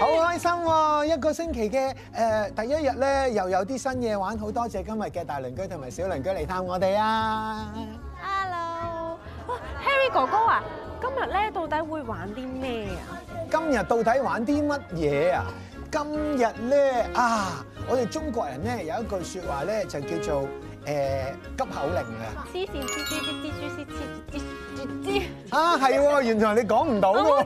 好開心喎！一個星期嘅誒第一日咧，又有啲新嘢玩，好多謝今日嘅大鄰居同埋小鄰居嚟探我哋啊！Hello，哇，Harry 哥哥啊，今日咧到底會玩啲咩啊？今日到底玩啲乜嘢啊？今日咧啊，我哋中國人咧有一句説話咧，就叫做。誒、呃、急口令嘅啊！蜘蛛絲絲絲絲蛛絲切切切切啊，係喎、啊！原來你講唔到喎！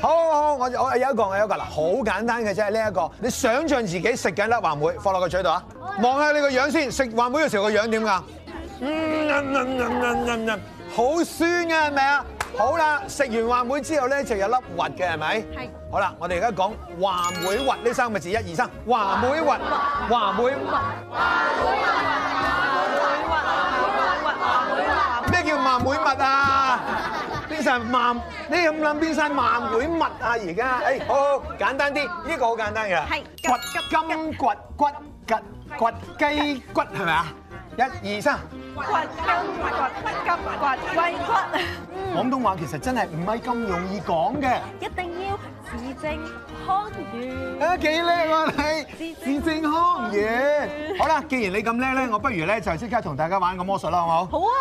好好好我我有一個，有一個嗱，好簡單嘅啫，呢、這、一個，你想象自己食緊粒話梅，放落個嘴度啊，望下你個樣先，食話梅嘅時候個樣點㗎？嗯嗯嗯嗯嗯嗯，好酸啊係咪啊？好啦，食完話梅之後咧，就有粒核嘅係咪？係。好啦，我哋而家講話梅核呢三個字，一二三，話梅核，話梅核，話梅核，話梅核，咩叫話梅核啊？變成萬，你咁諗變成萬梅核啊！而家，哎，好簡單啲，呢個好簡單嘅，係，骨金骨骨骨骨雞骨係咪啊？一二三，骨筋骨骨筋骨，胃骨。廣東話其實真係唔係咁容易講嘅，一定要字正腔圓。啊，幾叻喎你！字正腔圓。康好啦，既然你咁叻咧，我不如咧就即刻同大家玩個魔術啦，好唔好？好啊！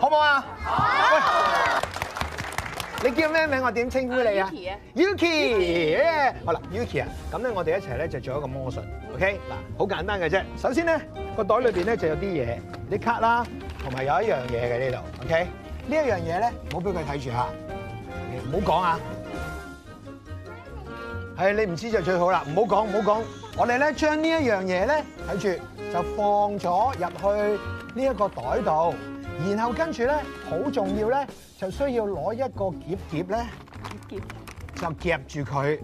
好唔好，好啊？好。你叫咩名？我點稱呼你啊？Yuki 啊，Yuki，好啦，Yuki 啊，咁咧我哋一齊咧就做一個魔術，OK？嗱，好簡單嘅啫。首先咧個袋裏邊咧就有啲嘢，啲卡啦，同埋有一樣嘢嘅呢度，OK？呢一樣嘢咧，唔好俾佢睇住吓，唔好講啊！係你唔知就最好啦，唔好講，唔好講。我哋咧將呢一樣嘢咧睇住就放咗入去呢一個袋度。然後跟住咧，好重要咧，就需要攞一個夾夾咧，就夾住佢。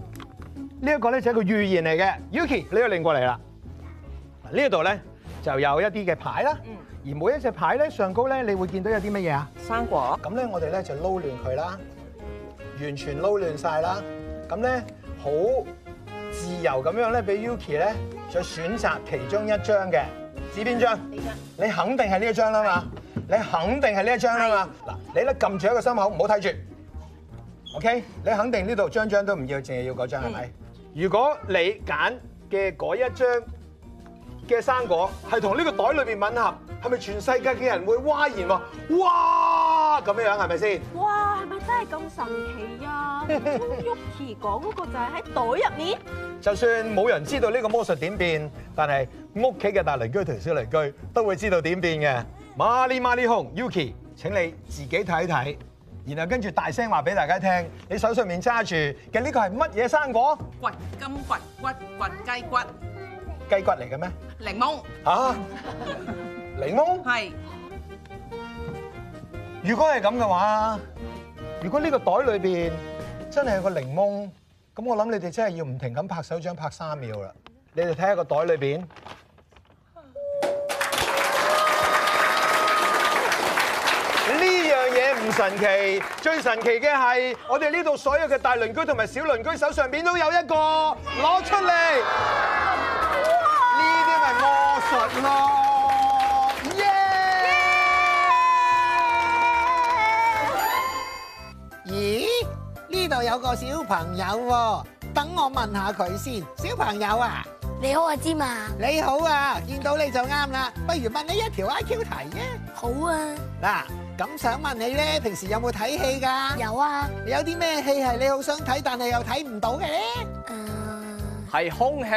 呢一個咧就係一個預言嚟嘅。Yuki，呢個拎過嚟啦。呢一度咧就有一啲嘅牌啦，而每一隻牌咧上高咧，你會見到有啲乜嘢啊？生果。咁咧，我哋咧就撈亂佢啦，完全撈亂晒啦。咁咧好自由咁樣咧，俾 Yuki 咧就選擇其中一張嘅，指邊張？邊張？你肯定係呢一張啦嘛？你肯定係呢一張啦嘛！嗱，你咧撳住一個心口，唔好睇住，OK？你肯定呢度張張都唔要，淨係要嗰張係咪？如果你揀嘅嗰一張嘅生果係同呢個袋裏邊吻合，係咪全世界嘅人會譁然喎？哇！咁樣樣係咪先？哇！係咪真係咁神奇呀？Kuki 講嗰個就係喺袋入面。就算冇人知道呢個魔術點變，但係屋企嘅大鄰居同小鄰居都會知道點變嘅。馬利馬利熊 Yuki，請你自己睇一睇，然後跟住大聲話俾大家聽。你手上面揸住嘅呢個係乜嘢生果？骨金骨骨雞骨，雞骨嚟嘅咩？檸檬嚇，檸檬係。如果係咁嘅話，如果呢個袋裏邊真係個檸檬，咁我諗你哋真係要唔停咁拍手掌拍三秒啦。你哋睇下個袋裏邊。神奇，最神奇嘅係我哋呢度所有嘅大鄰居同埋小鄰居手上邊都有一個，攞出嚟。呢啲咪魔術咯，咦？呢度有個小朋友，等我問下佢先。小朋友啊，你好啊，芝麻。你好啊，見到你就啱啦，不如問你一條 IQ 題啫。好啊。嗱。咁想問你咧，平時有冇睇戲噶？有啊，有啲咩戲係你好想睇，但係又睇唔到嘅咧？誒，係空氣。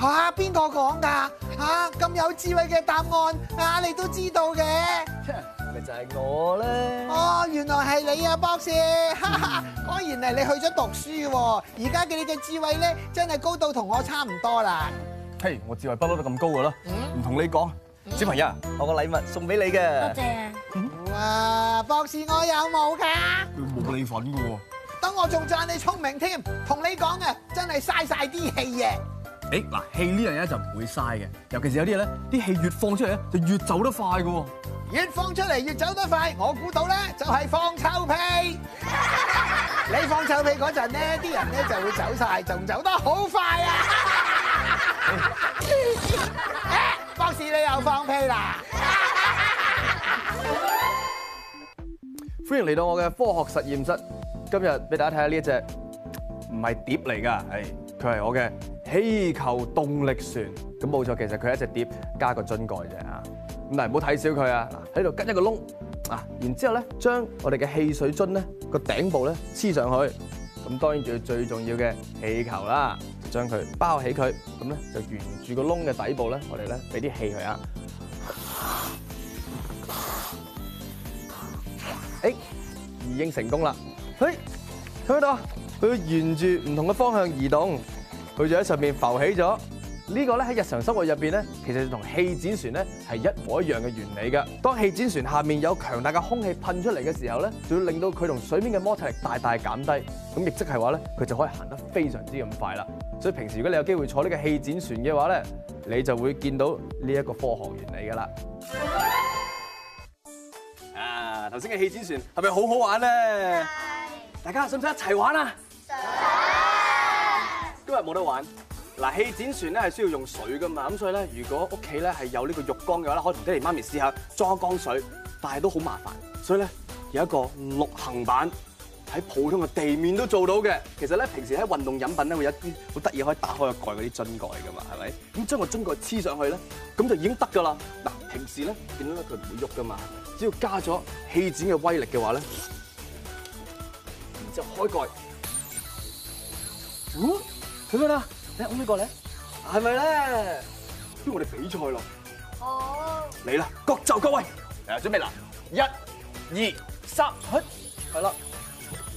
吓？邊個講噶？吓，咁有智慧嘅答案啊，你都知道嘅，咪就係我咧哦。原來係你啊，博士，哈哈，果然係你去咗讀書，而家嘅你嘅智慧咧真係高到同我差唔多啦。嘿，我智慧不嬲都咁高噶咯唔同你講。小朋友，我個禮物送俾你嘅。多謝啊。啊博士，我有冇噶？冇你份噶喎！等我仲讚你聰明添，同你講嘅真係嘥晒啲氣嘅。誒、欸，嗱，氣呢樣嘢就唔會嘥嘅，尤其是有啲嘢咧，啲氣越放出嚟咧就越走得快噶、啊。越放出嚟越走得快，我估到咧就係放臭屁。 你放臭屁嗰陣咧，啲人咧就會走晒，仲走得好快啊！ 欸、博士，你又放屁啦？歡迎嚟到我嘅科學實驗室。今日俾大家睇下呢一隻唔係碟嚟噶，係佢係我嘅氣球動力船。咁冇錯，其實佢係一隻碟加個樽蓋啫啊。但係，唔好睇小佢啊，喺度吉一個窿，啊，然之後咧將我哋嘅汽水樽咧個頂部咧黐上去。咁當然仲要最重要嘅氣球啦，將佢包起佢。咁咧就沿住個窿嘅底部咧，我哋咧俾啲氣佢啊。誒、哎，已經成功啦！嘿、哎，睇下度，佢沿住唔同嘅方向移動，佢就喺上面浮起咗。呢、這個咧喺日常生活入邊咧，其實就同氣墊船咧係一模一樣嘅原理噶。當氣墊船下面有強大嘅空氣噴出嚟嘅時候咧，就會令到佢同水面嘅摩擦力大大減低。咁亦即係話咧，佢就可以行得非常之咁快啦。所以平時如果你有機會坐呢個氣墊船嘅話咧，你就會見到呢一個科學原理噶啦。頭先嘅氣墊船係咪好好玩咧？是的 大家想唔想一齊玩啊？今日冇得玩。嗱，氣墊船咧係需要用水㗎嘛，咁所以咧，如果屋企咧係有呢個浴缸嘅話咧，可以同爹哋媽咪試下裝一缸水，但係都好麻煩。所以咧有一個陸行版。喺普通嘅地面都做到嘅，其實咧平時喺運動飲品咧會有啲好得意可以打開個蓋嗰啲樽蓋噶嘛，係咪？咁將個樽蓋黐上去咧，咁就已經得噶啦。嗱，平時咧見到佢唔會喐噶嘛，只要加咗氣展嘅威力嘅話咧，然之後開蓋，嗯，睇咩啦？你我呢個咧，係咪咧？因為我哋比賽咯。哦。嚟啦，各就各位。誒，準備啦！一、二、三，係啦。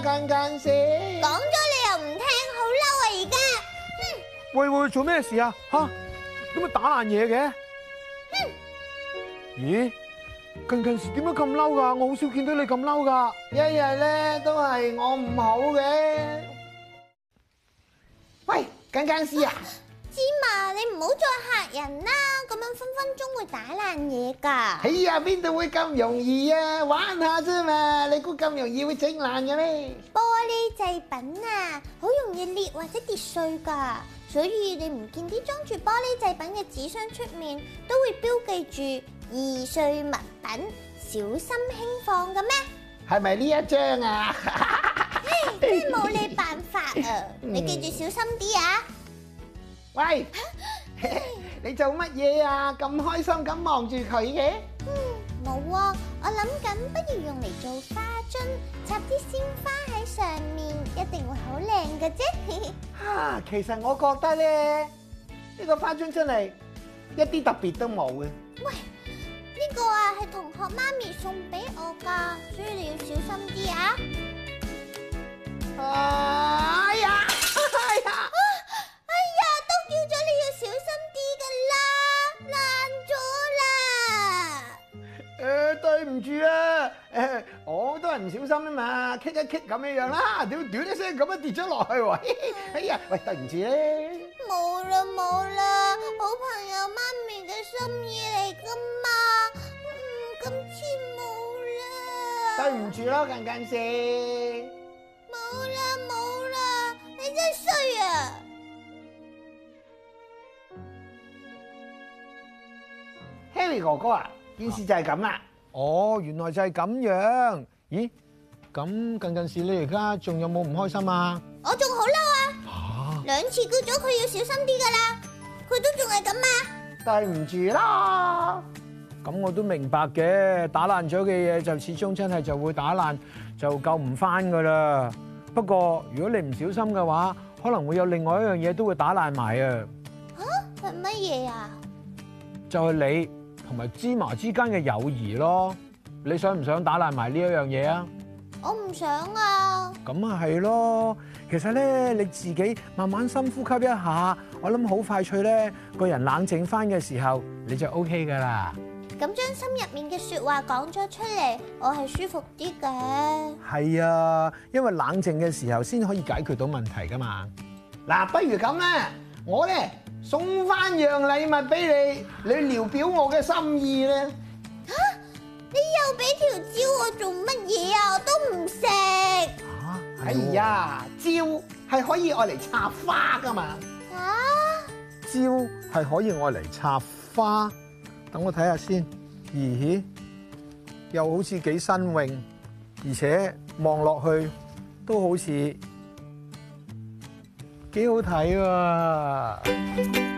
近近先，講咗你又唔聽，好嬲啊！而家，哼，喂喂，做咩事啊？吓，點解打爛嘢嘅？咦，近近時點解咁嬲噶？我好少見到你咁嬲噶。一日咧都係我唔好嘅。喂，近近先啊！芝麻，你唔好再嚇人啦。分分鐘會打爛嘢噶，哎呀邊度會咁容易啊？玩下啫嘛，你估咁容易會整爛嘅咩？玻璃製品啊，好容易裂或者跌碎噶，所以你唔見啲裝住玻璃製品嘅紙箱出面都會標記住易碎物品，小心輕放嘅咩？係咪呢一張啊？唉，真係冇你辦法啊！你記住小心啲啊！喂。你做乜嘢啊？咁開心咁望住佢嘅？嗯，冇啊，我諗緊，不如用嚟做花樽，插啲鮮花喺上面，一定會好靚噶啫。吓，其實我覺得咧，呢個花樽真係一啲特別都冇嘅。喂，呢個啊係同學媽咪送俾我噶，所以你要小心啲啊。啊！心啊嘛 kick 一 kick，咁樣樣啦，屌屌一聲咁樣跌咗落去，哎呀，喂，對唔住咧，冇啦冇啦，好朋友媽咪嘅心意嚟噶嘛，今次冇啦，對唔住咯近近先冇啦冇啦，你真衰啊，Henry 哥哥啊，件、啊、事就係咁啦，啊、哦，原來就係咁樣，咦？咁近近時，你而家仲有冇唔開心啊？我仲好嬲啊！吓，兩次叫咗佢要小心啲噶啦，佢都仲係咁啊，對唔住啦！咁我都明白嘅，打爛咗嘅嘢就始終真係就會打爛，就救唔翻噶啦。不過如果你唔小心嘅話，可能會有另外一樣嘢都會打爛埋啊。吓，係乜嘢啊？就係你同埋芝麻之間嘅友誼咯。你想唔想打爛埋呢一樣嘢啊？我唔想啊！咁啊，係咯，其實咧，你自己慢慢深呼吸一下，我諗好快脆咧個人冷靜翻嘅時候你就 OK 噶啦。咁將心入面嘅說話講咗出嚟，我係舒服啲嘅。係啊，因為冷靜嘅時候先可以解決到問題噶嘛。嗱，不如咁咧，我咧送翻樣禮物俾你，你聊表我嘅心意咧。你又俾條蕉我做乜嘢啊？我都唔食。啊，係呀，蕉係可以愛嚟插花噶嘛？啊，蕉係可以愛嚟插花。等我睇下先，咦、哎，又好似幾新穎，而且望落去都好似幾好睇喎。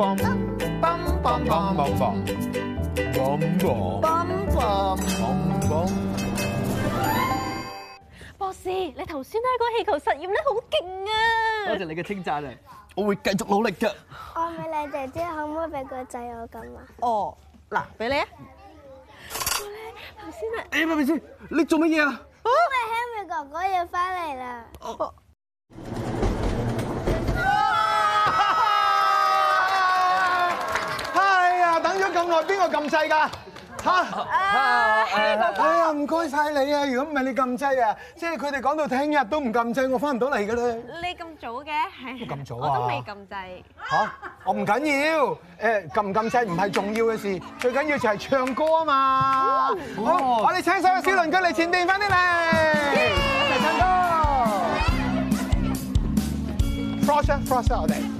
棒棒棒棒棒棒棒棒棒棒棒！博士，你頭先嗰個氣球實驗咧，好勁啊！多謝你嘅稱讚啊，我會繼續努力噶、啊啊。我問你姐姐，可唔可以俾個掣我撳啊？哦，嗱，俾你啊。頭先咧，哎咪咪先你做乜嘢啊？因為 Henry 哥哥要翻嚟啦。邊個撳掣㗎？嚇！哎呀，唔該曬你啊！如果唔係你撳掣啊，即係佢哋講到聽日都唔撳掣，我翻唔到嚟㗎咧。你咁早嘅？咁早啊？我都未撳掣。嚇！我唔緊要。誒，撳唔撳掣唔係重要嘅事，最緊要就係唱歌啊嘛。好，我哋請所有小鄰居嚟前邊翻啲嚟，嚟唱歌。快上快上嚟！